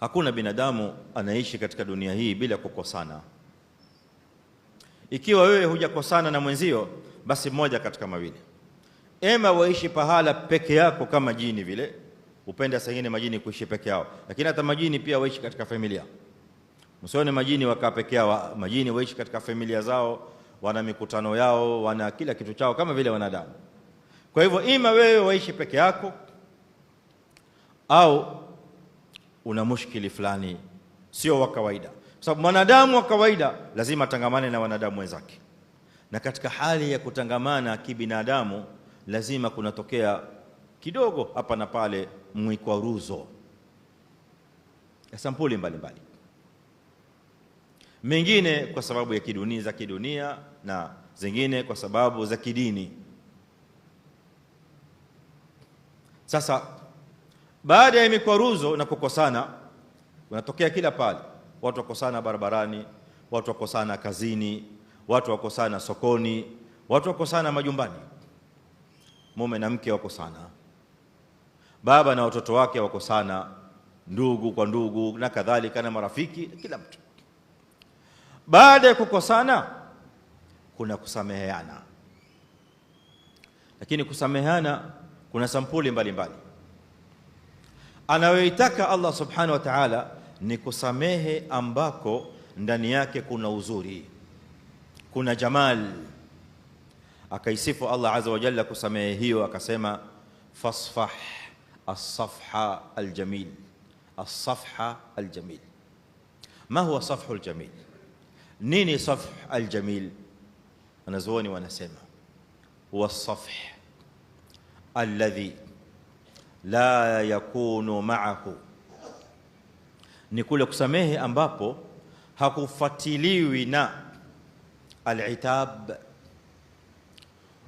Hakuna binadamu anaishi katika dunia hii bila kukosana. Ikiwa wewe hujakosana na mwenzio, basi mmoja katika mawili, ema waishi pahala peke yako kama jini vile, upenda sengine majini kuishi peke yao, lakini hata majini pia waishi katika familia. Msione majini wakaa peke yao, majini waishi katika familia zao, wana mikutano yao, wana kila kitu chao kama vile wanadamu. Kwa hivyo, ima wewe waishi peke yako au una mushkili fulani, sio wa kawaida, kwa sababu mwanadamu wa kawaida lazima atangamane na wanadamu wenzake, na katika hali ya kutangamana kibinadamu lazima kunatokea kidogo hapa na pale mwikwaruzo ya sampuli mbalimbali, mengine kwa sababu ya kidunia za kidunia na zingine kwa sababu za kidini. Sasa baada ya mikwaruzo na kukosana, unatokea kila pale, watu wakosana barabarani, watu wakosana kazini, watu wakosana sokoni, watu wakosana majumbani, mume na mke wakosana, baba na watoto wake wakosana, ndugu kwa ndugu na kadhalika, na marafiki, kila mtu. Baada ya kukosana, kuna kusameheana, lakini kusameheana kuna sampuli mbalimbali mbali. anayoitaka Allah subhanahu wa ta'ala ni kusamehe ambako ndani yake kuna uzuri kuna jamal akaisifu Allah azza wa jalla kusamehe hiyo akasema fasfah as-safha al-jamil as-safha al-jamil ma huwa safhu al-jamil nini safh al-jamil anazuoni wanasema huwa safh alladhi la yakunu ma'ahu, ni kule kusamehe ambapo hakufuatiliwi na alitab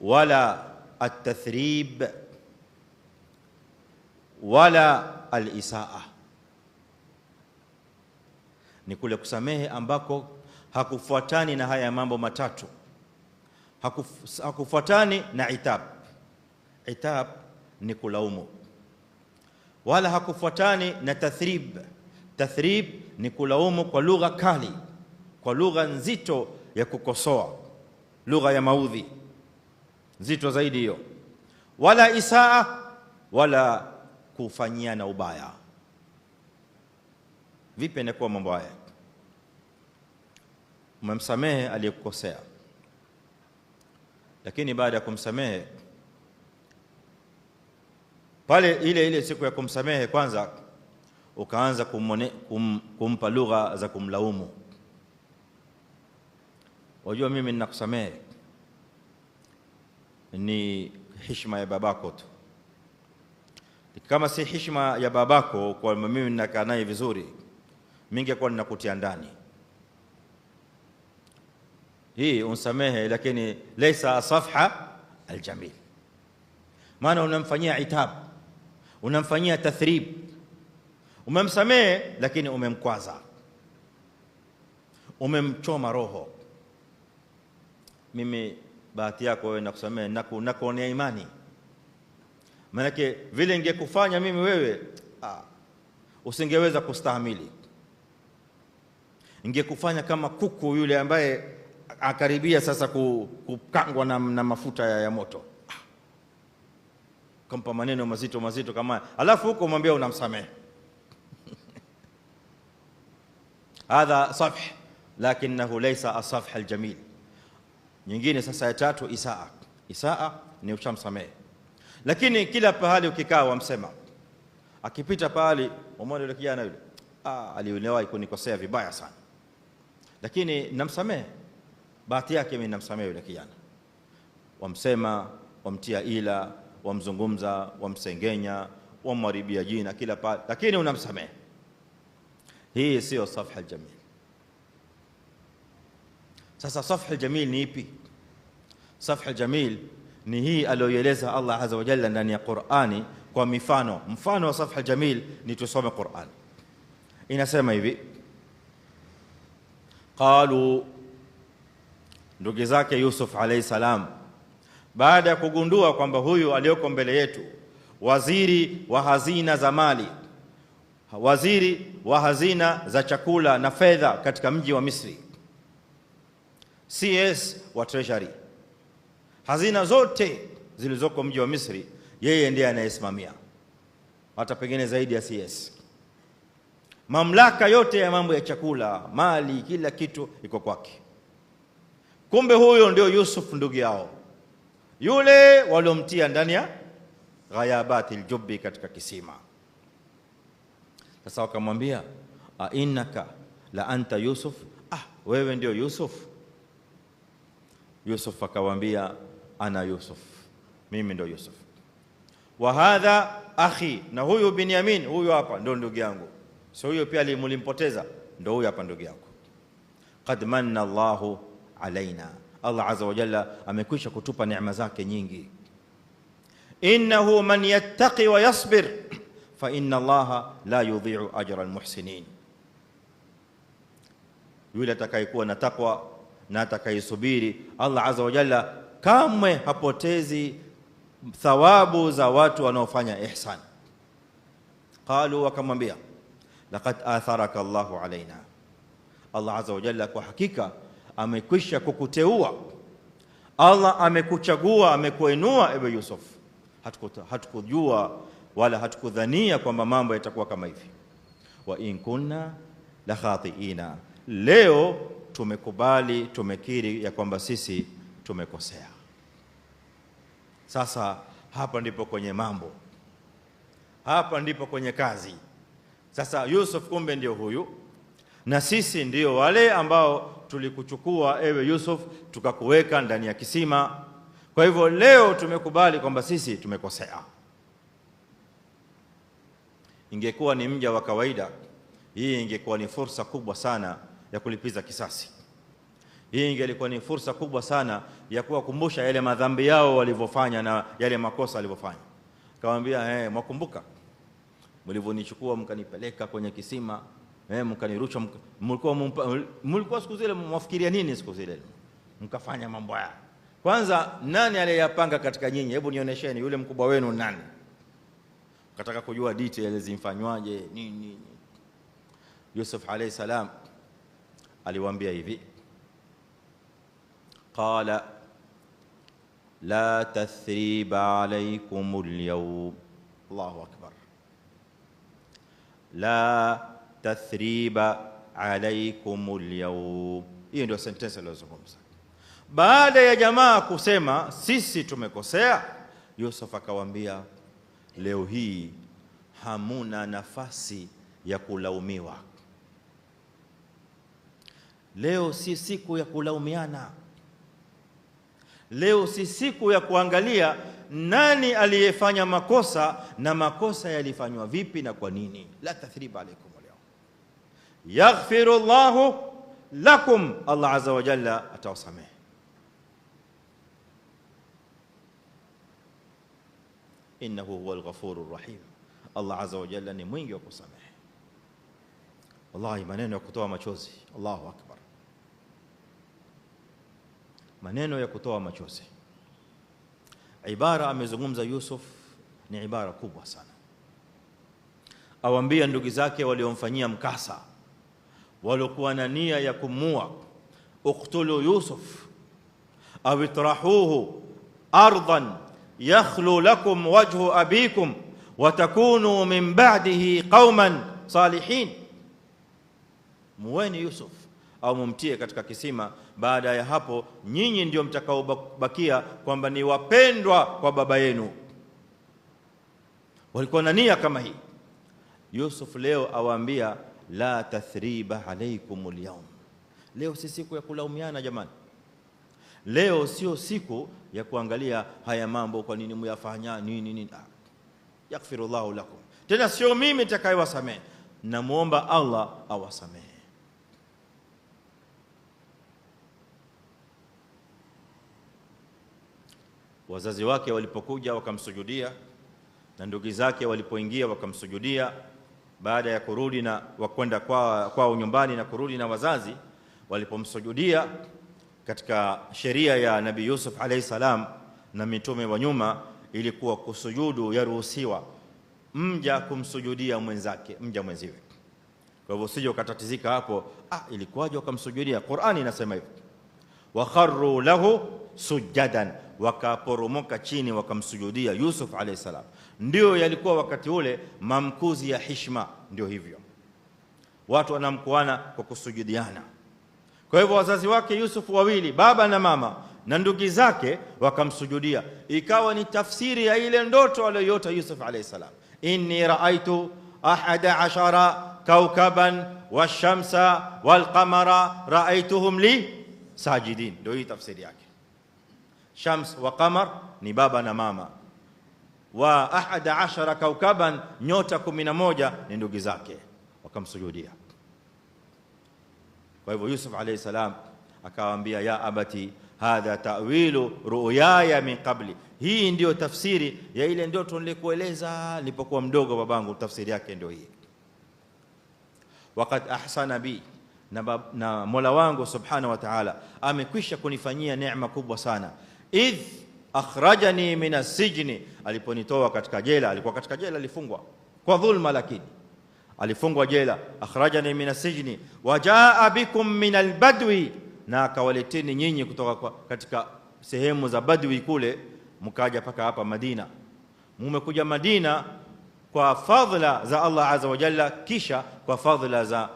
wala atathrib wala alisaa, ni kule kusamehe ambako hakufuatani na haya mambo matatu. Hakufuatani na itab. Itab ni kulaumu wala hakufuatani na tathrib. Tathrib ni kulaumu kwa lugha kali, kwa lugha nzito ya kukosoa, lugha ya maudhi nzito zaidi hiyo, wala isaa, wala kufanyiana ubaya. Vipi inakuwa mambo haya? Umemsamehe aliyekukosea, lakini baada ya kumsamehe pale ile ile siku ya kumsamehe kwanza, ukaanza kumone, kum, kumpa lugha za kumlaumu. Wajua, mimi ninakusamehe ni heshima ya babako tu. Kama si heshima ya babako, kwa mimi ninakaa naye vizuri, mingekuwa ninakutia ndani. Hii unsamehe, lakini laisa safha aljamil, maana unamfanyia itabu unamfanyia tathrib, umemsamehe lakini umemkwaza, umemchoma roho. Mimi bahati yako wewe nakusamehe, nakuonea imani, maanake vile ningekufanya mimi wewe ah, usingeweza kustahamili, ningekufanya kama kuku yule ambaye akaribia sasa kukangwa na, na mafuta ya, ya moto kampa maneno mazito mazito kama alafu huko umwambia unamsamehe hadha safh lakinahu laysa asafh aljamil. Nyingine sasa ya tatu isaa. Isaa ni ushamsamehe, lakini kila pahali ukikaa wamsema, akipita pahali umwone yule kijana yule, ah, aliwahi kunikosea vibaya sana, lakini namsamehe, bahati yake mimi namsamehe yule kijana. Wamsema, wamtia ila, wamzungumza, wamsengenya, wamharibia jina kila pale, lakini unamsamehe. Hii siyo safha aljamil. Sasa safha aljamil ni ipi? Safha aljamil ni hii aliyoeleza Allah azza wa jalla ndani ya Qur'ani kwa mifano. Mfano wa safha aljamil ni tusome Qur'an, inasema hivi qalu, ndugu zake Yusuf alayhi salam baada ya kugundua kwamba huyu aliyoko mbele yetu waziri wa hazina za mali, waziri wa hazina za chakula na fedha katika mji wa Misri, CS wa treasury, hazina zote zilizoko mji wa Misri yeye ndiye anayesimamia, hata pengine zaidi ya CS. Mamlaka yote ya mambo ya chakula, mali, kila kitu iko kwake. Kumbe huyo ndio Yusuf ndugu yao yule waliomtia ndani ya ghayabati ljubi katika kisima. Sasa wakamwambia a innaka la anta Yusuf, ah, wewe ndio Yusuf. Yusuf akamwambia ana Yusuf, mimi ndio Yusuf. Wa hadha akhi, na huyu Binyamin, huyu hapa ndio ndugu yangu. So huyo pia mulimpoteza, ndio huyu hapa ndugu yako. Qad manna llahu alaina Allah azza wa jalla amekwisha kutupa neema zake nyingi. innahu man yattaqi wa yasbir fa inna Allaha la yudhi'u ajra almuhsinin, yule atakayekuwa na takwa na atakayesubiri, Allah azza wa jalla kamwe hapotezi thawabu za watu wanaofanya ihsan. Qalu, wakamwambia laqad atharaka Allahu alaina, Allah azza wa jalla kwa hakika amekwisha kukuteua, Allah amekuchagua, amekuinua ewe Yusuf. Hatukujua wala hatukudhania kwamba mambo yatakuwa kama hivi. wa in kunna la khatiina, leo tumekubali, tumekiri ya kwamba sisi tumekosea. Sasa hapa ndipo kwenye mambo, hapa ndipo kwenye kazi. Sasa Yusuf kumbe ndio huyu, na sisi ndio wale ambao tulikuchukua ewe Yusuf tukakuweka ndani ya kisima. Kwa hivyo leo tumekubali kwamba sisi tumekosea. Ingekuwa ni mja wa kawaida, hii ingekuwa ni fursa kubwa sana ya kulipiza kisasi. Hii ingelikuwa ni fursa kubwa sana ya kuwakumbusha yale madhambi yao walivyofanya na yale makosa walivyofanya. Akamwambia, hey, eh, mwakumbuka mlivyonichukua mkanipeleka kwenye kisima eh, mkanirusha, mlikuwa mlikuwa siku zile mwafikiria nini siku zile, mkafanya mambo haya. Kwanza nani aliyeyapanga katika nyinyi? Hebu nionyesheni yule mkubwa wenu nani, kataka kujua details zimfanywaje nini. Yusuf alayhi salam aliwaambia hivi, qala la tathriba alaykum al-yawm Allahu akbar la tathriba alaikum lyaum. Hiyo ndio sentensi aliyozungumza baada ya jamaa kusema sisi tumekosea. Yusuf akawaambia leo hii hamuna nafasi ya kulaumiwa. Leo si siku ya kulaumiana. Leo si siku ya kuangalia nani aliyefanya makosa na makosa yalifanywa vipi na kwa nini. La tathriba alaikum yaghfiru llahu lakum, Allah azza wa jalla atawasamehe. Innahu huwa lghafuru rahim, Allah azza wa jalla ni mwingi wa kusamehe. Wallahi, maneno ya kutoa machozi. Allahu akbar, maneno ya kutoa machozi. Ibara amezungumza Yusuf ni ibara kubwa sana, awambia ndugu zake waliomfanyia mkasa waliokuwa na nia ya kumua, uktulu Yusuf au itrahuhu ardan yakhlu lakum wajhu abikum watakunu min ba'dihi qauman salihin, muweni Yusuf au mumtie katika kisima. Baada ya hapo, nyinyi ndio mtakaobakia kwamba ni wapendwa kwa baba yenu. Walikuwa na nia kama hii. Yusuf leo awaambia la tathriba alaikum alyawm. Leo si siku ya kulaumiana jamani, leo sio siku ya kuangalia haya mambo, kwa nini muyafanya nini nini. Ah, llahu lakum, tena sio mimi nitakayewasamehe, namwomba Allah awasamehe. Wazazi wake walipokuja wakamsujudia, na ndugu zake walipoingia wakamsujudia baada ya kurudi na wakwenda kwao kwa nyumbani na kurudi na wazazi walipomsujudia katika sheria ya nabi Yusuf alayhi salam na mitume wa nyuma ilikuwa kusujudu yaruhusiwa mja kumsujudia mwenzake mja mwenziwe. Kwa hivyo usije ukatatizika hapo, ah, ilikuwaje wakamsujudia? Qur'ani inasema hivyo, kharru lahu sujadan, wakaporomoka chini wakamsujudia Yusuf alayhi salam. Ndio yalikuwa wakati ule mamkuzi ya hishma, ndio hivyo watu wanamkuana kwa kusujudiana. Kwa hivyo wazazi wake Yusuf wawili, baba na mama na ndugu zake wakamsujudia, ikawa ni tafsiri ya ile ndoto aliyoyota Yusuf alayhi salam, inni raaitu ahada ashara kaukaban washamsa walqamara raaituhum li sajidin. Ndio hii tafsiri yake. Shams wa qamar ni baba na mama, wa ahada ashara kaukaban, nyota kumi na moja ni ndugu zake, wakamsujudia. Kwa hivyo Yusuf alayhi salam akawaambia, ya abati hadha ta'wilu ruyaya min qabli, hii ndiyo tafsiri ya ile ndoto nilikueleza nilipokuwa mdogo babangu, tafsiri yake ndio hii. Waqad ahsana bi na, na Mola wangu subhanahu wa ta'ala amekwisha kunifanyia neema kubwa sana idh akhrajani min asijni, aliponitoa katika jela. Alikuwa katika jela, alifungwa kwa dhulma, lakini alifungwa jela. Akhrajani min asijni wajaa bikum min albadwi, na akawaleteni nyinyi kutoka katika sehemu za badwi kule, mkaja paka hapa Madina. Mumekuja Madina kwa fadhila za Allah azza wa jalla, kisha kwa fadhila za,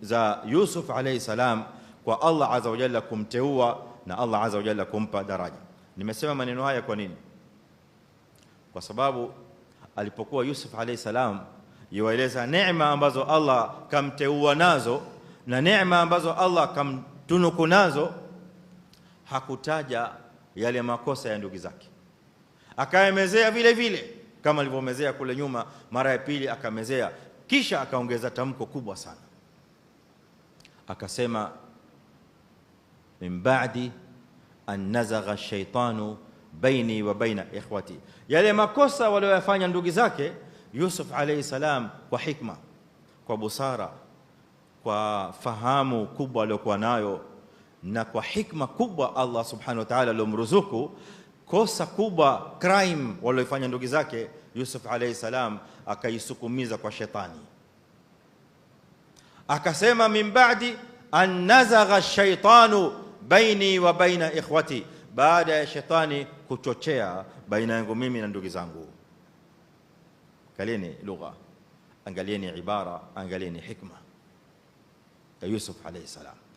za Yusuf alayhi salam, kwa Allah azza wa jalla kumteua na Allah azza wa jalla kumpa daraja. Nimesema maneno haya kwa nini? Kwa sababu alipokuwa Yusuf alayhi salam yuwaeleza neema ambazo Allah kamteua nazo na neema ambazo Allah kamtunuku nazo, hakutaja yale makosa ya ndugu zake, akaemezea vile vile kama alivyomezea kule nyuma. Mara ya pili akamezea, kisha akaongeza tamko kubwa sana akasema min ba'di an nazagha shaitanu baini wa baina ikhwati, yale makosa walioyafanya ndugu zake Yusuf alayhi salam, kwa hikma, kwa busara, kwa fahamu kubwa aliyokuwa nayo na kwa hikma kubwa Allah subhanahu wa ta'ala aliomruzuku. Kosa kubwa crime walioifanya ndugu zake Yusuf alayhi salam, akaisukumiza kwa shetani, akasema min ba'di an nazagha shaitanu baini wa baina ikhwati, baada ya shetani kuchochea baina yangu mimi na ndugu zangu. Angalieni lugha, angalieni ibara, angalieni hikma ya Yusuf alayhi salam.